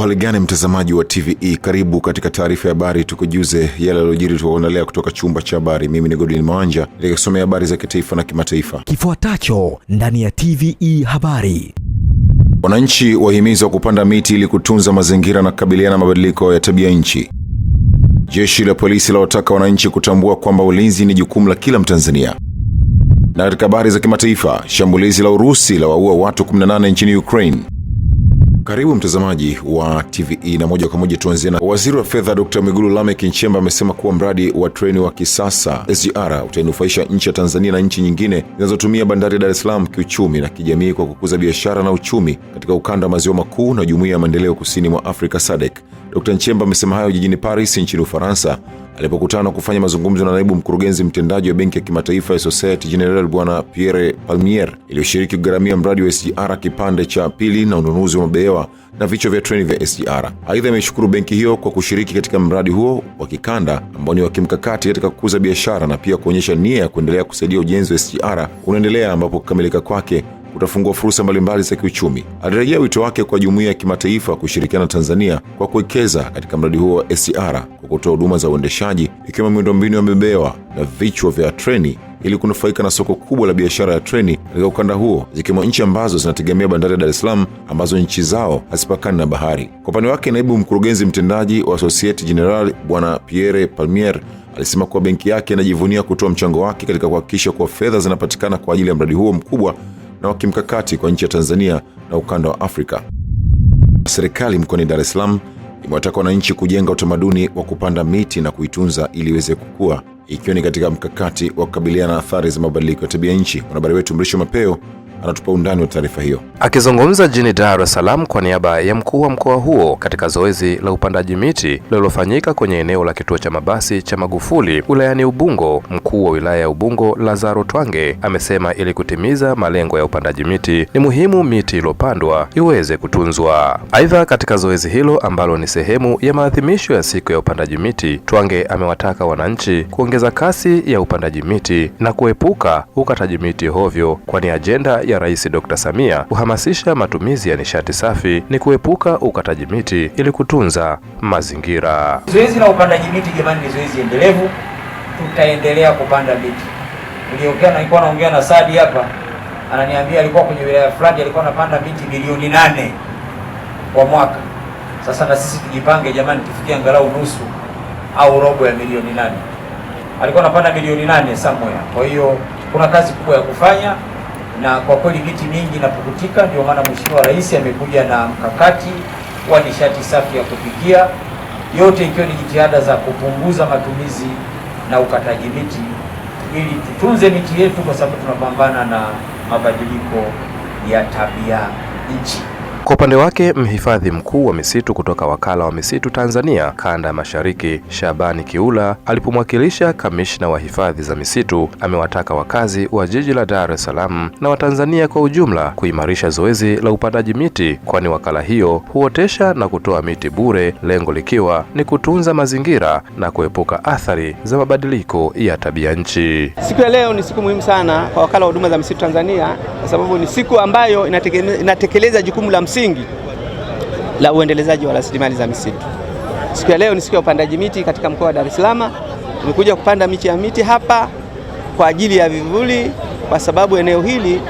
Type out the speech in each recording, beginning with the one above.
hali gani mtazamaji wa TVE, karibu katika taarifa ya habari, tukujuze yale yaliyojiri tukaendelea kutoka chumba cha habari. Mimi ni Godwin Mawanja nikisomea habari za kitaifa na kimataifa. Kifuatacho ndani ya TVE habari. Wananchi wahimizwa kupanda miti ili kutunza mazingira na kukabiliana na mabadiliko ya tabia nchi. Jeshi la polisi lawataka wananchi kutambua kwamba ulinzi ni jukumu la kila Mtanzania. Na katika habari za kimataifa, shambulizi la Urusi la waua watu 18 nchini Ukraine. Karibu mtazamaji wa TVE na moja kwa moja tuanzie na waziri wa fedha Dr. Mwigulu Lameck Nchemba amesema kuwa mradi wa treni wa kisasa SGR utainufaisha nchi ya Tanzania na nchi nyingine zinazotumia bandari ya Dar es Salaam kiuchumi na kijamii kwa kukuza biashara na uchumi katika ukanda wa maziwa makuu na jumuiya ya maendeleo kusini mwa Afrika SADC. E Dr. Nchemba amesema hayo jijini Paris nchini Ufaransa alipokutana kufanya mazungumzo na naibu mkurugenzi mtendaji wa benki ya kimataifa ya Societe Generale Bwana Pierre Palmier iliyoshiriki kugharamia mradi wa SGR kipande cha pili na ununuzi wa mabehewa na vichwa vya treni vya SGR. Aidha, imeshukuru benki hiyo kwa kushiriki katika mradi huo wa kikanda ambao ni wa kimkakati katika kukuza biashara na pia kuonyesha nia ya kuendelea kusaidia ujenzi wa SGR unaendelea ambapo kukamilika kwake kutafungua fursa mbalimbali za kiuchumi. Alirejea wito wake kwa jumuiya ya kimataifa kushirikiana na Tanzania kwa kuwekeza katika mradi huo wa sr kwa kutoa huduma za uendeshaji, ikiwemo miundombinu ya bebewa na vichwa vya treni ili kunufaika na soko kubwa la biashara ya treni katika ukanda huo zikiwemo nchi ambazo zinategemea bandari ya Dar es Salaam ambazo nchi zao hazipakani na bahari. Kwa upande wake, naibu mkurugenzi mtendaji wa Societe Generale Bwana Pierre Palmier alisema kuwa benki yake inajivunia kutoa mchango wake katika kuhakikisha kuwa fedha zinapatikana kwa ajili ya mradi huo mkubwa na wa kimkakati kwa nchi ya Tanzania na ukanda wa Afrika. Serikali mkoani Dar es Salaam imewataka wananchi kujenga utamaduni wa kupanda miti na kuitunza ili iweze kukua, ikiwa ni katika mkakati wa kukabiliana na athari za mabadiliko ya tabia nchi. Mwanahabari wetu Mrisho Mapeo anatupa undani wa taarifa hiyo. Akizungumza jijini Dar es Salaam kwa niaba ya mkuu wa mkoa huo katika zoezi la upandaji miti lililofanyika kwenye eneo la kituo cha mabasi cha Magufuli wilayani Ubungo, mkuu wa wilaya ya Ubungo Lazaro Twange amesema ili kutimiza malengo ya upandaji miti ni muhimu miti iliyopandwa iweze kutunzwa. Aidha, katika zoezi hilo ambalo ni sehemu ya maadhimisho ya siku ya upandaji miti, Twange amewataka wananchi kuongeza kasi ya upandaji miti na kuepuka ukataji miti hovyo, kwani ajenda ya Rais Dr. Samia kuhamasisha matumizi ya nishati safi ni kuepuka ukataji miti ili kutunza mazingira. Zoezi la upandaji miti jamani, ni zoezi endelevu, tutaendelea kupanda miti. Niliongea na nilikuwa naongea na Sadi hapa, ananiambia alikuwa kwenye wilaya fulani alikuwa anapanda miti milioni nane kwa mwaka. Sasa na sisi tujipange jamani, tufikie angalau nusu au robo ya milioni nane. Alikuwa anapanda milioni nane somewhere. Kwa hiyo kuna kazi kubwa ya kufanya na kwa kweli miti mingi inapukutika. Ndio maana Mheshimiwa Rais amekuja na mkakati wa nishati safi ya kupikia, yote ikiwa ni jitihada za kupunguza matumizi na ukataji miti ili tutunze miti yetu, kwa sababu tunapambana na mabadiliko ya tabia nchi. Kwa upande wake mhifadhi mkuu wa misitu kutoka Wakala wa Misitu Tanzania Kanda ya Mashariki, Shabani Kiula, alipomwakilisha kamishna wa hifadhi za misitu, amewataka wakazi wa jiji la Dar es Salaam na Watanzania kwa ujumla kuimarisha zoezi la upandaji miti, kwani wakala hiyo huotesha na kutoa miti bure, lengo likiwa ni kutunza mazingira na kuepuka athari za mabadiliko ya tabia nchi. Siku ya leo ni siku muhimu sana kwa Wakala wa Huduma za Misitu Tanzania kwa sababu ni siku ambayo inatekeleza jukumu la msitu msingi la uendelezaji wa rasilimali za misitu. Siku ya leo ni siku ya upandaji miti katika mkoa wa Dar es Salaam. Tumekuja kupanda miche ya miti hapa kwa ajili ya vivuli, kwa sababu eneo hili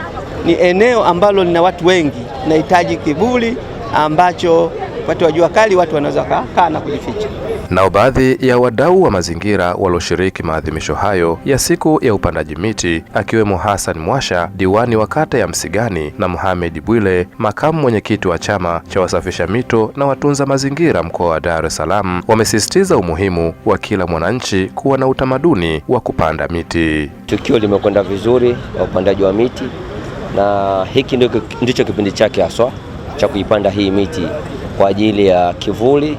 ni eneo ambalo lina watu wengi, linahitaji kivuli ambacho wakati wa jua kali watu wanaweza wakakaa na kujificha. Nao baadhi ya wadau wa mazingira walioshiriki maadhimisho hayo ya siku ya upandaji miti akiwemo Hassan Mwasha, diwani wa kata ya Msigani na Mohamed Bwile, makamu mwenyekiti wa chama cha wasafisha mito na watunza mazingira mkoa wa Dar es Salaam, wamesisitiza umuhimu wa kila mwananchi kuwa na utamaduni wa kupanda miti. Tukio limekwenda vizuri wa upandaji wa miti na hiki ndicho kipindi chake haswa cha kuipanda hii miti kwa ajili ya kivuli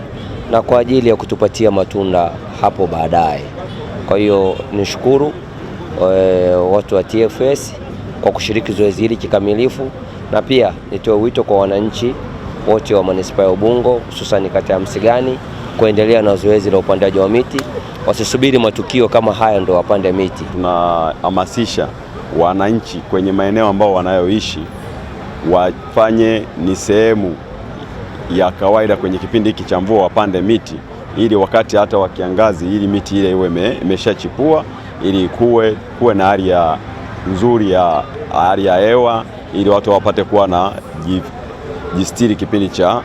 na kwa ajili ya kutupatia matunda hapo baadaye. Kwa hiyo nishukuru e, watu wa TFS kwa kushiriki zoezi hili kikamilifu, na pia nitoe wito kwa wananchi wote wa manispaa ya Ubungo hususani kata ya Msigani kuendelea na zoezi la upandaji wa miti, wasisubiri matukio kama haya ndo wapande miti. Tunahamasisha wananchi kwenye maeneo ambao wanayoishi wafanye ni sehemu ya kawaida kwenye kipindi hiki cha mvua wapande miti ili wakati hata wa kiangazi ili miti ile iwe imeshachipua ili kuwe, kuwe na hali ya nzuri ya hali ya hewa ili watu wapate kuwa na jistiri kipindi cha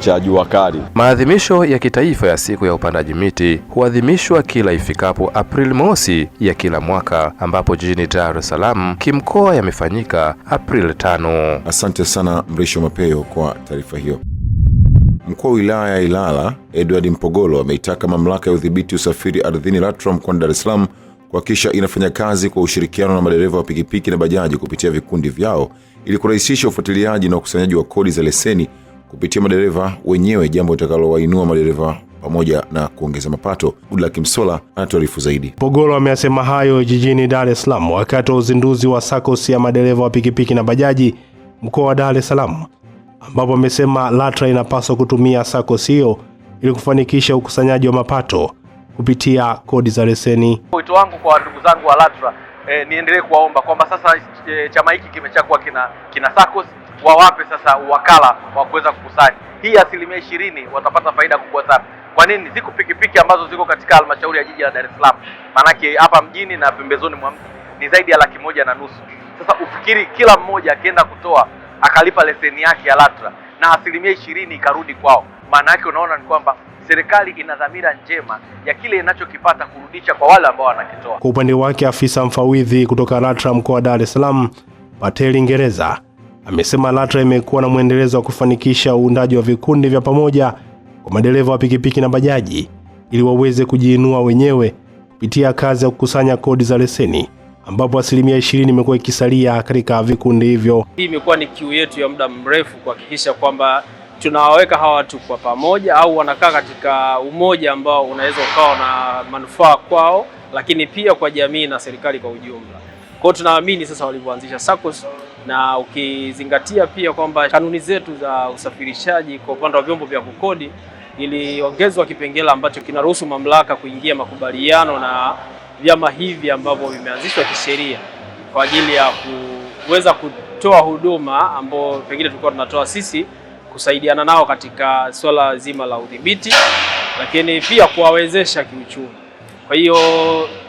cha jua kali. Maadhimisho ya kitaifa ya siku ya upandaji miti huadhimishwa kila ifikapo Aprili mosi ya kila mwaka ambapo jijini Dar es Salaam kimkoa yamefanyika Aprili tano. Asante sana Mrisho Mapeo kwa taarifa hiyo. Mkuu wa wilaya ya Ilala Edward Mpogolo ameitaka mamlaka ya udhibiti usafiri ardhini latra mkoani Dar es Salaam kuhakikisha inafanya kazi kwa ushirikiano na madereva wa pikipiki na bajaji kupitia vikundi vyao ili kurahisisha ufuatiliaji na ukusanyaji wa kodi za leseni kupitia madereva wenyewe, jambo litakalowainua madereva pamoja na kuongeza mapato. Budla Kimsola anatuarifu zaidi. Pogolo ameyasema hayo jijini Dar es Salaam wakati wa uzinduzi wa SACCOS ya madereva wa pikipiki na bajaji mkoa wa Dar es Salaam ambapo amesema LATRA inapaswa kutumia SACCOS hiyo ili kufanikisha ukusanyaji wa mapato kupitia kodi za leseni. Wito wangu kwa ndugu zangu wa LATRA e, niendelee kuwaomba kwamba sasa e, chama hiki kimechakua kina, kina SACCOS wawape sasa uwakala wa kuweza kukusanya hii asilimia ishirini, watapata faida kubwa sana. Kwa nini? Ziko pikipiki ambazo ziko katika halmashauri ya jiji la Dar es Salaam, maanake hapa mjini na pembezoni mwa mji ni zaidi ya laki moja na nusu. Sasa ufikiri kila mmoja akienda kutoa akalipa leseni yake ya LATRA na asilimia ishirini ikarudi kwao. Maana yake unaona ni kwamba serikali ina dhamira njema ya kile inachokipata kurudisha kwa wale ambao wanakitoa. Kwa upande wake, afisa mfawidhi kutoka LATRA mkoa wa Dar es Salaam Pateli Ngereza amesema LATRA imekuwa na mwendelezo wa kufanikisha uundaji wa vikundi vya pamoja kwa madereva wa pikipiki na bajaji ili waweze kujiinua wenyewe kupitia kazi ya kukusanya kodi za leseni ambapo asilimia ishirini imekuwa ikisalia katika vikundi hivyo. Hii imekuwa ni kiu yetu ya muda mrefu kuhakikisha kwamba tunawaweka hawa watu kwa pamoja au wanakaa katika umoja ambao unaweza ukawa na manufaa kwao, lakini pia kwa jamii na serikali kwa ujumla. Kwa hiyo tunaamini sasa walivyoanzisha SACCOS na ukizingatia pia kwamba kanuni zetu za usafirishaji kwa upande wa vyombo vya kukodi iliongezwa kipengele ambacho kinaruhusu mamlaka kuingia makubaliano na vyama hivi ambavyo vimeanzishwa kisheria kwa ajili ya kuweza kutoa huduma ambao pengine tulikuwa tunatoa sisi, kusaidiana nao katika swala zima la udhibiti, lakini pia kuwawezesha kiuchumi. Kwa hiyo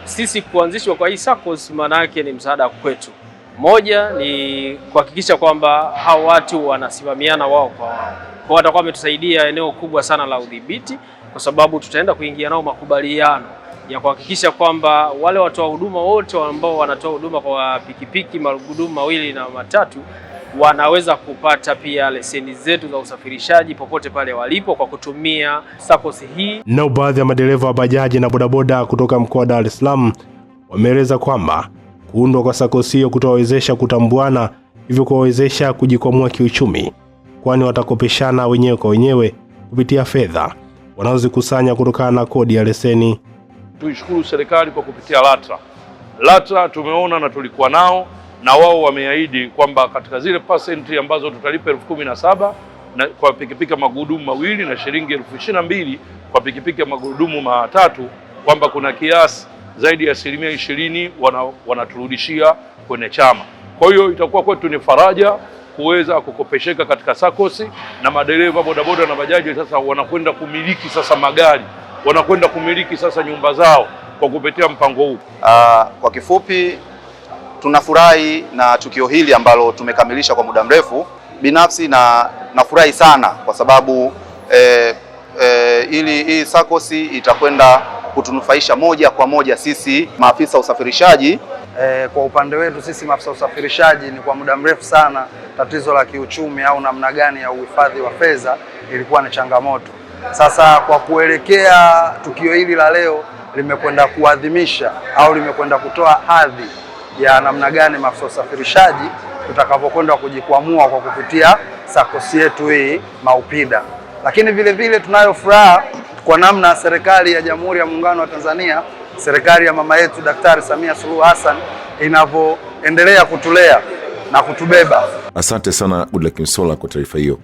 sisi kuanzishwa kwa hii SACCOS maana yake ni msaada kwetu. Moja ni kuhakikisha kwamba hao watu wanasimamiana wao kwa wao, kwa watakuwa wametusaidia eneo kubwa sana la udhibiti kwa sababu tutaenda kuingia nao makubaliano ya kuhakikisha kwamba wale watoa huduma wote ambao wanatoa huduma kwa pikipiki magurudumu mawili na matatu wanaweza kupata pia leseni zetu za usafirishaji popote pale walipo kwa kutumia SACCOS hii. Nao baadhi ya madereva wa bajaji na bodaboda kutoka mkoa wa Dar es Salaam wameeleza kwamba kuundwa kwa SACCOS hiyo kutawawezesha kutambuana, hivyo kuwawezesha kujikwamua kiuchumi, kwani watakopeshana wenyewe kwa wenyewe kupitia fedha wanaozikusanya kutokana na kodi ya leseni. Tuishukuru serikali kwa kupitia LATRA. LATRA tumeona na tulikuwa nao na wao wameahidi kwamba katika zile pasenti ambazo tutalipa elfu kumi na saba na kwa pikipiki magurudumu mawili na shilingi elfu ishirini na mbili kwa pikipiki magurudumu matatu kwamba kuna kiasi zaidi ya asilimia ishirini wanaturudishia kwenye chama. Kwa hiyo itakuwa kwetu ni faraja kuweza kukopesheka katika sakosi, na madereva bodaboda na bajaji sasa wanakwenda kumiliki sasa magari, wanakwenda kumiliki sasa nyumba zao kwa kupitia mpango huu. Ah, kwa kifupi tunafurahi na tukio hili ambalo tumekamilisha kwa muda mrefu. Binafsi na nafurahi sana kwa sababu eh, eh, ili hii sakosi itakwenda kutunufaisha moja kwa moja sisi maafisa usafirishaji. E, kwa upande wetu sisi maafisa usafirishaji ni kwa muda mrefu sana tatizo la kiuchumi au namna gani ya uhifadhi wa fedha ilikuwa ni changamoto. Sasa kwa kuelekea tukio hili la leo limekwenda kuadhimisha au limekwenda kutoa hadhi ya namna gani maafisa usafirishaji tutakapokwenda kujikwamua kwa kupitia sakosi yetu hii Maupida, lakini vile vile tunayo furaha kwa namna serikali ya Jamhuri ya Muungano wa Tanzania serikali ya mama yetu Daktari Samia Suluhu Hassan inavyoendelea kutulea na kutubeba. Asante sana Goodluck Msolla kwa taarifa hiyo.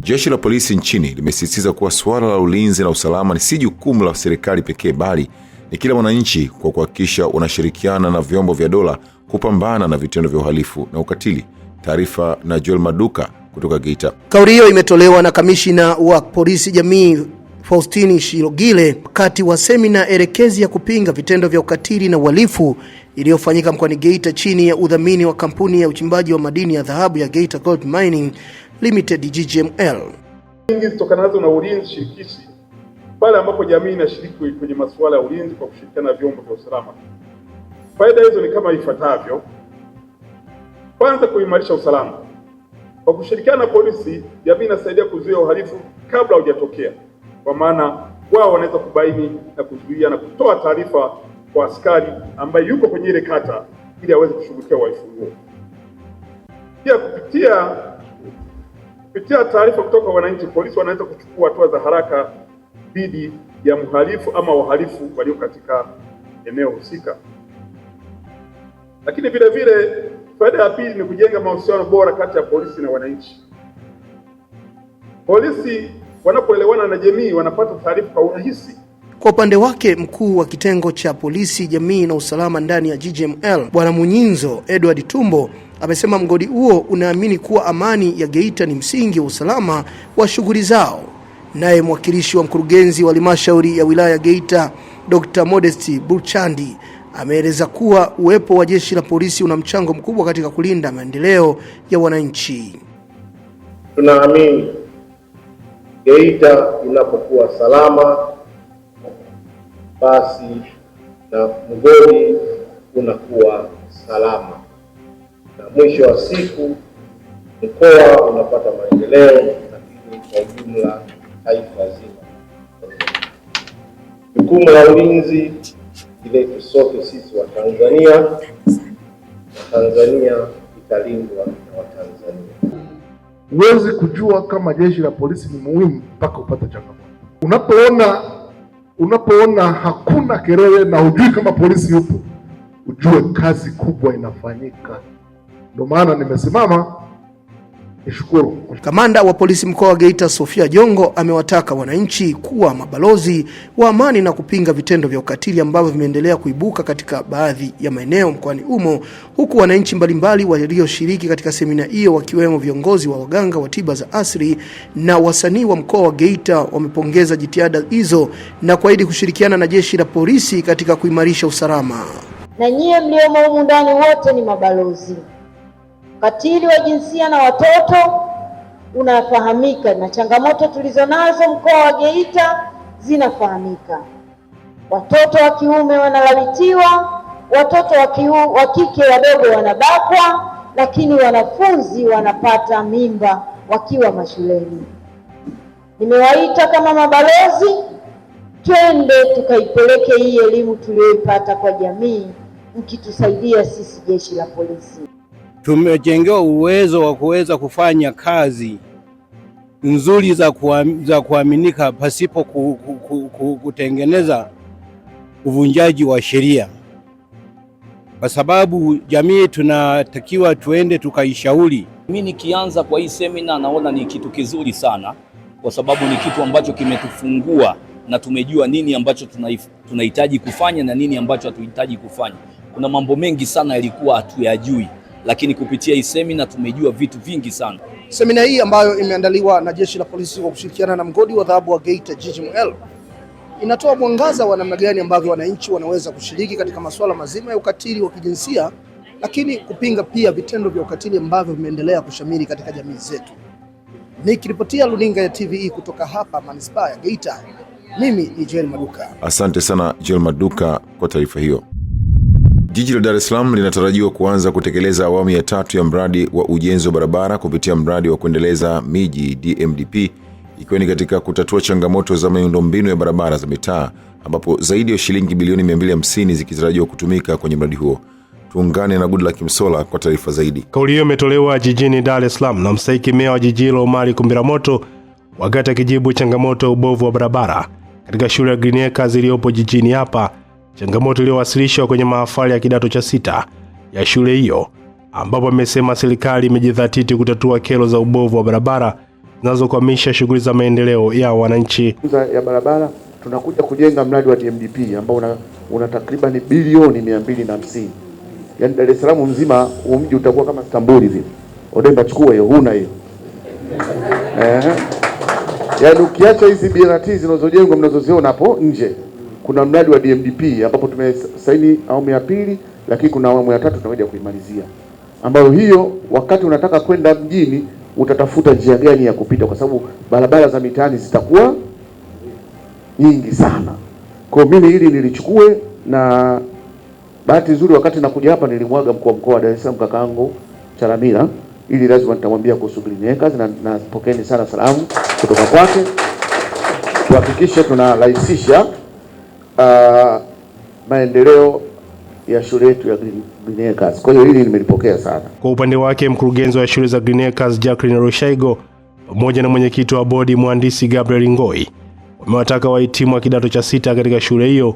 Jeshi la polisi nchini limesisitiza kuwa suala la ulinzi na usalama ni si jukumu la serikali pekee, bali ni kila mwananchi, kwa kuhakikisha unashirikiana na vyombo vya dola kupambana na vitendo vya uhalifu na ukatili. Taarifa na Joel Maduka kutoka Geita. Kauli hiyo imetolewa na kamishina wa polisi jamii Faustini Shirogile wakati wa semina elekezi ya kupinga vitendo vya ukatili na uhalifu iliyofanyika mkoani Geita chini ya udhamini wa kampuni ya uchimbaji wa madini ya dhahabu ya Geita Gold Mining Limited GGML. Nyingi zitokanazo na ulinzi shirikishi pale ambapo jamii inashiriki kwenye masuala ya ulinzi kwa kushirikiana na vyombo vya usalama. Faida hizo ni kama ifuatavyo: kwanza, kuimarisha usalama kwa kushirikiana na polisi, jamii inasaidia kuzuia uhalifu kabla haujatokea kwa maana wao wanaweza kubaini na kuzuia na kutoa taarifa kwa askari ambaye yuko kwenye ile kata ili aweze kushughulikia uhalifu huo. Pia kupitia kupitia taarifa kutoka wananchi, polisi wanaweza kuchukua hatua za haraka dhidi ya mhalifu ama wahalifu walio katika eneo husika. Lakini vile vile faida ya pili ni kujenga mahusiano bora kati ya polisi na wananchi. Polisi Wanapoelewana na jamii, wanapata taarifa kwa urahisi. Kwa upande wake mkuu wa kitengo cha polisi jamii na usalama ndani ya GGML Bwana Munyinzo Edward Tumbo amesema mgodi huo unaamini kuwa amani ya Geita ni msingi wa usalama wa shughuli zao. Naye mwakilishi wa mkurugenzi wa halmashauri ya wilaya Geita Dr. Modesti Bulchandi ameeleza kuwa uwepo wa jeshi la polisi una mchango mkubwa katika kulinda maendeleo ya wananchi. Tunaamini Geita inapokuwa salama, basi na mgodi unakuwa salama, na mwisho wa siku mkoa unapata maendeleo, lakini kwa ujumla taifa zima. Jukumu la ulinzi iletu sote sisi wa Tanzania, na Tanzania italindwa na Watanzania. Huwezi kujua kama jeshi la polisi ni muhimu mpaka upate changamoto. Unapoona unapoona hakuna kelele na hujui kama polisi yupo, ujue kazi kubwa inafanyika. Ndio maana nimesimama Nishukuru. Kamanda wa polisi mkoa wa Geita Sofia Jongo amewataka wananchi kuwa mabalozi wa amani na kupinga vitendo vya ukatili ambavyo vimeendelea kuibuka katika baadhi ya maeneo mkoani humo, huku wananchi mbalimbali walioshiriki katika semina hiyo wakiwemo viongozi wa waganga wa tiba za asili na wasanii wa mkoa wa Geita wamepongeza jitihada hizo na kuahidi kushirikiana na jeshi la polisi katika kuimarisha usalama. Na nyie mliomo humu ndani wote ni mabalozi Ukatili wa jinsia na watoto unafahamika na changamoto tulizonazo mkoa wa Geita zinafahamika. Watoto wa kiume wanalawitiwa, watoto wa kike wadogo wanabakwa, lakini wanafunzi wanapata mimba wakiwa mashuleni. Nimewaita kama mabalozi, twende tukaipeleke hii elimu tuliyoipata kwa jamii, mkitusaidia sisi jeshi la polisi tumejengewa uwezo wa kuweza kufanya kazi nzuri za, kuam, za kuaminika pasipo ku, ku, ku, ku, kutengeneza uvunjaji wa sheria, kwa sababu jamii tunatakiwa tuende tukaishauri. Mimi nikianza kwa hii semina, naona ni kitu kizuri sana, kwa sababu ni kitu ambacho kimetufungua na tumejua nini ambacho tunahitaji kufanya na nini ambacho hatuhitaji kufanya. Kuna mambo mengi sana yalikuwa hatuyajui lakini kupitia hii semina tumejua vitu vingi sana. Semina hii ambayo imeandaliwa na jeshi la polisi kwa kushirikiana na mgodi wa dhahabu wa Geita GGML inatoa mwangaza wa namna gani ambavyo wananchi wanaweza kushiriki katika masuala mazima ya ukatili wa kijinsia, lakini kupinga pia vitendo vya ukatili ambavyo vimeendelea kushamiri katika jamii zetu. Nikiripotia luninga ya TVE kutoka hapa manispaa ya Geita, mimi ni Joel Maduka. Asante sana Joel Maduka kwa taarifa hiyo. Jiji la Dar es Salaam linatarajiwa kuanza kutekeleza awamu ya tatu ya mradi wa ujenzi wa barabara kupitia mradi wa kuendeleza miji DMDP ikiwa ni katika kutatua changamoto za miundombinu ya barabara za mitaa ambapo zaidi ya shilingi bilioni 250 zikitarajiwa kutumika kwenye mradi huo. Tuungane na Goodluck Msola kwa taarifa zaidi. Kauli hiyo imetolewa jijini Dar es Salaam na mstahiki meya wa jiji hilo kumbira Kumbiramoto wakati akijibu changamoto ya ubovu wa barabara katika shule ya Green Acres iliyopo jijini hapa changamoto iliyowasilishwa kwenye mahafali ya kidato cha sita ya shule hiyo, ambapo amesema serikali imejidhatiti kutatua kero za ubovu wa barabara zinazokwamisha shughuli za maendeleo ya wananchi ya barabara. Tunakuja kujenga mradi wa TMDP ambao una, una takribani bilioni mia mbili na hamsini. Yaani Dar es Salaam mzima umji mji utakuwa kama Istanbul hivi. Odemba chukua hiyo, huna hiyo eh. Yaani ukiacha hizi BRT zinazojengwa mnazoziona hapo nje kuna mradi wa DMDP ambapo tumesaini awamu ya pili, lakini kuna awamu ya tatu tunakuja kuimalizia, ambayo hiyo wakati unataka kwenda mjini utatafuta njia gani ya kupita, kwa sababu barabara za mitaani zitakuwa nyingi sana. Kwa mimi hili nilichukue, na bahati nzuri wakati nakuja hapa nilimwaga mkuu wa mkoa wa Dar es Salaam kakaangu Chalamila, ili lazima nitamwambia kuhusu green acres, na napokeeni sana salamu kutoka kwake, tuhakikishe tunarahisisha uh, maendeleo ya shule yetu ya Green Acres. Kwa hiyo hili nimelipokea sana. Kwa upande wake mkurugenzi wa shule za Green Acres Jacqueline Roshaigo pamoja na mwenyekiti wa bodi mhandisi Gabriel Ngoi wamewataka wahitimu wa kidato cha sita katika shule hiyo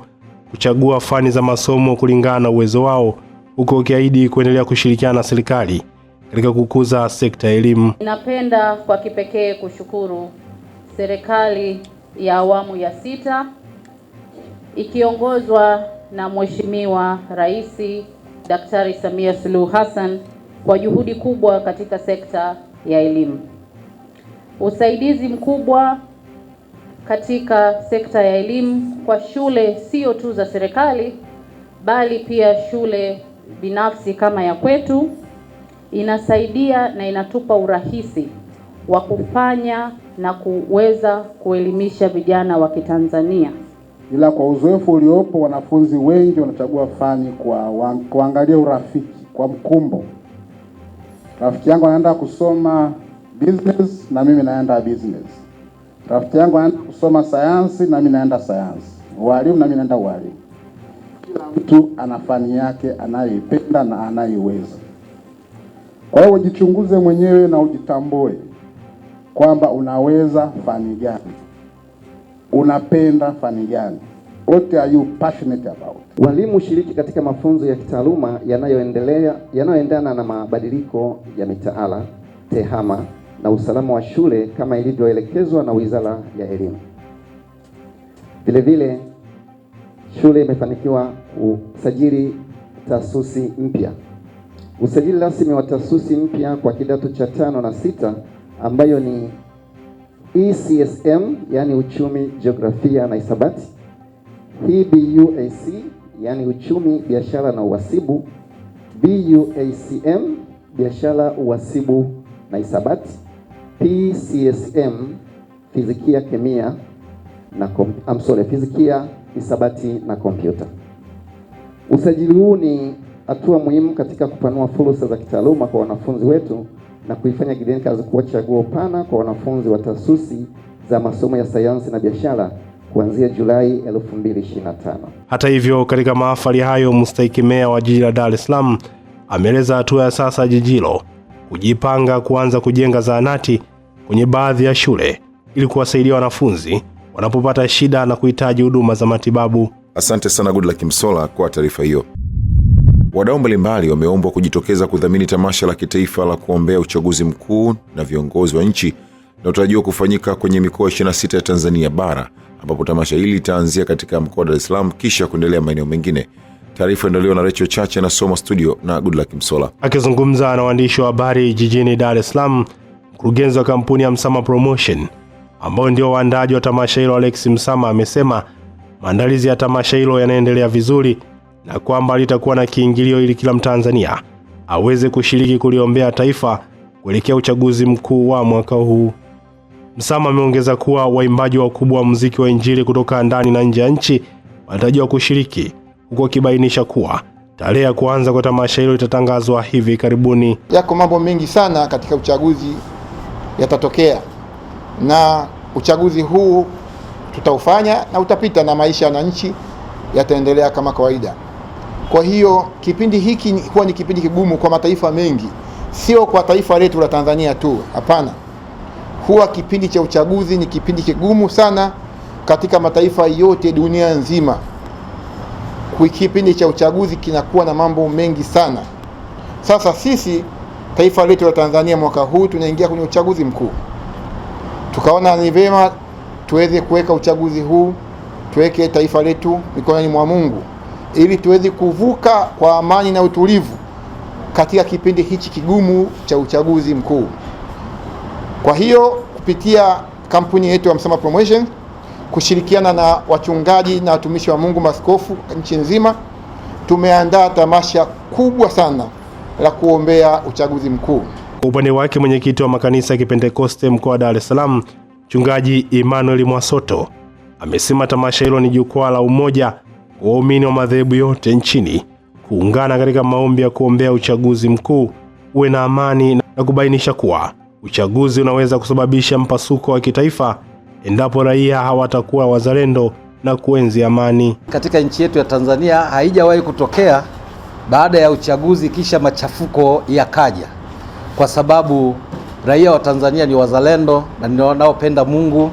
kuchagua fani za masomo kulingana na uwezo wao huko ukiahidi kuendelea kushirikiana na serikali katika kukuza sekta ya elimu. Ninapenda kwa kipekee kushukuru serikali ya awamu ya sita ikiongozwa na Mheshimiwa Rais Daktari Samia Suluhu Hassan kwa juhudi kubwa katika sekta ya elimu. Usaidizi mkubwa katika sekta ya elimu kwa shule sio tu za serikali bali pia shule binafsi kama ya kwetu inasaidia na inatupa urahisi wa kufanya na kuweza kuelimisha vijana wa Kitanzania ila kwa uzoefu uliopo wanafunzi wengi wanachagua fani kwa kuangalia urafiki, kwa mkumbo. Rafiki yangu anaenda kusoma business na mimi naenda business, rafiki yangu anaenda kusoma sayansi na mimi naenda sayansi, ualimu na mimi naenda walimu. Kila mtu ana fani yake anayoipenda na anaiweza. Kwa hiyo ujichunguze mwenyewe na ujitambue kwamba unaweza fani gani. Unapenda fani gani? What are you passionate about? Walimu shiriki katika mafunzo ya kitaaluma yanayoendelea yanayoendana na mabadiliko ya mitaala, tehama na usalama wa shule kama ilivyoelekezwa na Wizara ya Elimu. Vile vile shule imefanikiwa usajili taasisi mpya. Usajili rasmi wa taasisi mpya kwa kidato cha tano na sita ambayo ni ECSM yani uchumi, jiografia na hisabati, buac yani uchumi, biashara na uhasibu, BUACM biashara, uhasibu na hisabati, PCSM fizikia, kemia na I'm sorry, fizikia, hisabati na kompyuta. Usajili huu ni hatua muhimu katika kupanua fursa za kitaaluma kwa wanafunzi wetu na kuifanya Gideon Kazi kuwa chaguo pana kwa wanafunzi wa taasisi za masomo ya sayansi na biashara kuanzia Julai 2025. Hata hivyo, katika mahafali hayo mstahiki meya wa jiji la Dar es Salaam ameeleza hatua ya sasa jiji hilo kujipanga kuanza kujenga zahanati kwenye baadhi ya shule ili kuwasaidia wanafunzi wanapopata shida na kuhitaji huduma za matibabu. Asante sana Luck Msola kwa taarifa hiyo. Wadau mbalimbali wameombwa kujitokeza kudhamini tamasha la kitaifa la kuombea uchaguzi mkuu na viongozi wa nchi linalotarajiwa kufanyika kwenye mikoa 26 ya Tanzania bara ambapo tamasha hili litaanzia katika mkoa wa Dar es Salaam kisha kuendelea maeneo mengine. Taarifa endelewa na Recho Chache na Soma Studio na Goodluck Msola. Akizungumza na waandishi wa habari jijini Dar es Salaam, mkurugenzi wa kampuni ya Msama Promotion ambao ndio waandaaji wa tamasha hilo Alex Msama amesema maandalizi ya tamasha hilo yanaendelea vizuri na kwamba litakuwa na kiingilio ili kila Mtanzania aweze kushiriki kuliombea taifa kuelekea uchaguzi mkuu wa mwaka huu. Msama ameongeza kuwa waimbaji wakubwa wa muziki wa Injili kutoka ndani na nje ya nchi wanatarajiwa kushiriki huku akibainisha kuwa tarehe ya kuanza kwa tamasha hilo litatangazwa hivi karibuni. Yako mambo mengi sana katika uchaguzi yatatokea, na uchaguzi huu tutaufanya na utapita, na maisha ya wananchi yataendelea kama kawaida. Kwa hiyo kipindi hiki huwa ni kipindi kigumu kwa mataifa mengi, sio kwa taifa letu la Tanzania tu, hapana. Huwa kipindi cha uchaguzi ni kipindi kigumu sana katika mataifa yote dunia nzima. Kipindi cha uchaguzi kinakuwa na mambo mengi sana. Sasa sisi taifa letu la Tanzania mwaka huu tunaingia kwenye uchaguzi mkuu, tukaona ni vema tuweze kuweka uchaguzi huu, tuweke taifa letu mikononi mwa Mungu ili tuweze kuvuka kwa amani na utulivu katika kipindi hichi kigumu cha uchaguzi mkuu. Kwa hiyo kupitia kampuni yetu ya Msama Promotion kushirikiana na wachungaji na watumishi wa Mungu maskofu nchi nzima, tumeandaa tamasha kubwa sana la kuombea uchaguzi mkuu. Kwa upande wake, mwenyekiti wa makanisa ya Kipentekoste mkoa wa Dar es Salaam, Mchungaji Emmanuel Mwasoto amesema tamasha hilo ni jukwaa la umoja waumini wa madhehebu yote nchini kuungana katika maombi ya kuombea uchaguzi mkuu uwe na amani na kubainisha kuwa uchaguzi unaweza kusababisha mpasuko wa kitaifa endapo raia hawatakuwa wazalendo na kuenzi amani. Katika nchi yetu ya Tanzania haijawahi kutokea baada ya uchaguzi kisha machafuko yakaja, kwa sababu raia wa Tanzania ni wazalendo na ni wanaopenda Mungu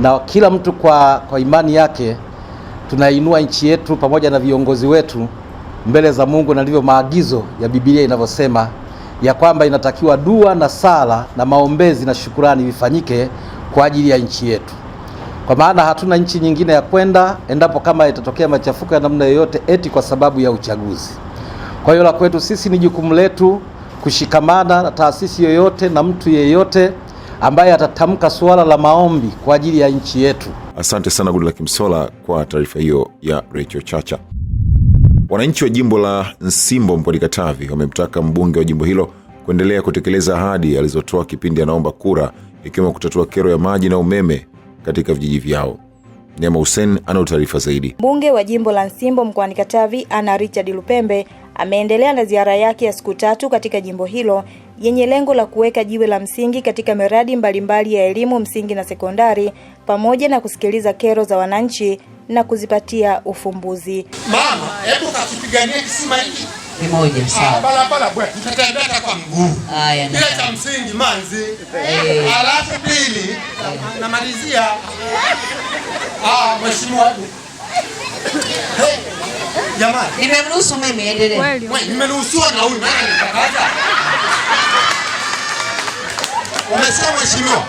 na kila mtu kwa, kwa imani yake tunainua nchi yetu pamoja na viongozi wetu mbele za Mungu, na ndivyo maagizo ya Biblia inavyosema ya kwamba inatakiwa dua na sala na maombezi na shukurani vifanyike kwa ajili ya nchi yetu, kwa maana hatuna nchi nyingine ya kwenda endapo kama itatokea machafuko ya namna yoyote eti kwa sababu ya uchaguzi. Kwa hiyo la kwetu sisi ni jukumu letu kushikamana na taasisi yoyote na mtu yeyote ambaye atatamka suala la maombi kwa ajili ya nchi yetu. Asante sana Goodluck Kimsola kwa taarifa hiyo ya Rachel Chacha. Wananchi wa jimbo la Nsimbo mkoani Katavi wamemtaka mbunge wa jimbo hilo kuendelea kutekeleza ahadi alizotoa kipindi anaomba kura, ikiwemo kutatua kero ya maji na umeme katika vijiji vyao. Neema Hussein anao taarifa zaidi. Mbunge wa jimbo la Nsimbo mkoani Katavi, ana Richard Lupembe ameendelea na ziara yake ya siku tatu katika jimbo hilo yenye lengo la kuweka jiwe la msingi katika miradi mbalimbali ya elimu msingi na sekondari pamoja na kusikiliza kero za wananchi na kuzipatia ufumbuzi. Mama, hebu katupiganie kisima hiki Ni kimoja ah, sawa. bala bwana, tutatembea kwa mguu. Haya, ni. bila cha msingi manzi. Eh. Alafu pili eh. namalizia. Ah, mheshimiwa. Jamani, nimemruhusu mimi, endelee. Wewe nimeruhusiwa na huyu nani? Nikakata. Umesema mheshimiwa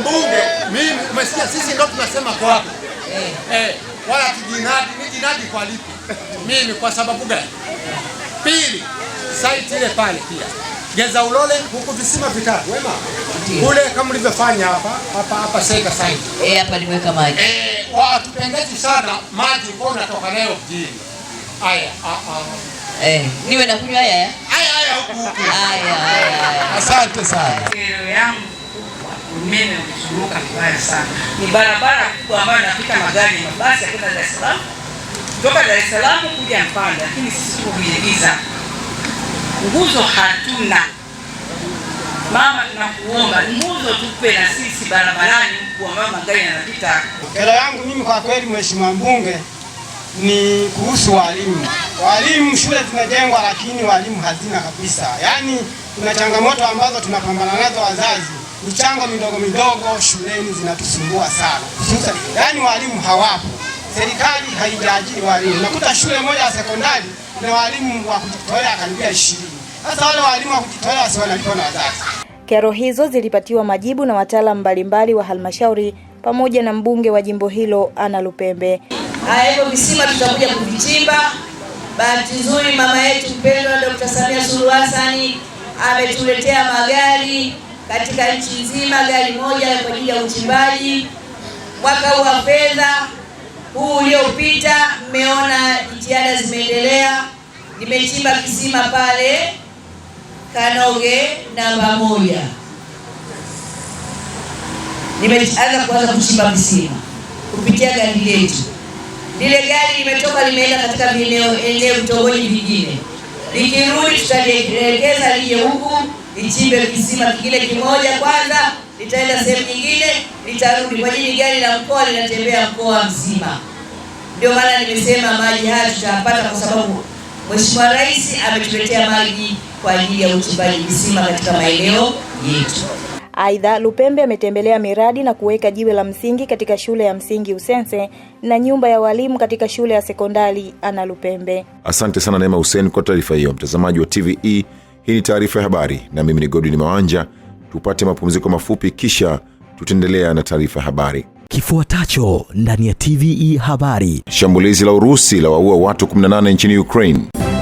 mbunge, mimi umesikia, sisi ndio tunasema kwako eh, eh, wala kijinadi ni jinadi kwa lipi? Mimi kwa sababu gani? Pili, site ile pale pia Geza Ulole huku visima vitatu wema. Kule kama ulivyofanya hapa hapa hapa sasa sasa. Eh, hapa nimeweka maji. Eh, tupendezi sana maji kwa natoka leo kijini. Haya, a a. Eh, niwe na kunywa haya. Haya haya huku huku. Haya haya. Asante sana. Kero yangu kubwa umeme unazunguka vibaya sana. Ni barabara kubwa ambayo inapita magari mabasi kwenda Dar es Salaam. Kutoka Dar es Salaam kuja Mpanda, lakini sisi tuko kwenye Giza nguzo hatuna. Mama, tunakuomba nguzo tupe na sisi barabarani, kwa mama gari anapita. Kero yangu mimi kwa kweli, mheshimiwa mbunge, ni kuhusu walimu. Walimu shule zimejengwa, lakini walimu hazina kabisa. Yaani kuna changamoto ambazo tunapambana nazo wazazi michango midogo midogo shuleni zinatusumbua sana, hususan yaani walimu hawapo, serikali haijaajiri walimu. Nakuta shule moja ya sekondari na walimu wa kujitolea karibia ishirini. Sasa wale walimu wa kujitolea si wanalipwa na wazazi. Kero hizo zilipatiwa majibu na wataalamu mbalimbali wa halmashauri pamoja na mbunge wa jimbo hilo Ana Lupembe. Haya, hivyo visima tutakuja kuvichimba. Bahati nzuri mama yetu mpendwa Dr. Samia Suluhu Hassan ametuletea magari katika nchi nzima, gari moja kwa ajili ya uchimbaji. Mwaka huu wa fedha huu uliopita, mmeona jitihada zimeendelea, nimechimba kisima pale Kanoge namba moja, nimeanza kuanza kuchimba visima kupitia gari letu. Lile gari limetoka limeenda katika eneo eneo vitongoji vingine, likirudi tutalielekeza lije huku ichimbe kisima kile kimoja kwanza, litaenda sehemu nyingine, litarudi kwa ajili gari la mkoa linatembea mkoa mzima. Ndio maana nimesema maji haya tutayapata kwa sababu Mheshimiwa Rais ametuletea maji kwa ajili ya uchimbaji visima katika maeneo yetu. Aidha, Lupembe ametembelea miradi na kuweka jiwe la msingi katika shule ya msingi Usense na nyumba ya walimu katika shule ya sekondari Ana Lupembe. Asante sana Neema Hussein kwa taarifa hiyo. Mtazamaji wa TVE, hii ni taarifa ya habari na mimi ni Godwin Mawanja. Tupate mapumziko mafupi, kisha tutaendelea na taarifa ya habari kifuatacho ndani ya TVE Habari. Shambulizi la Urusi la waua watu 18 nchini Ukraine.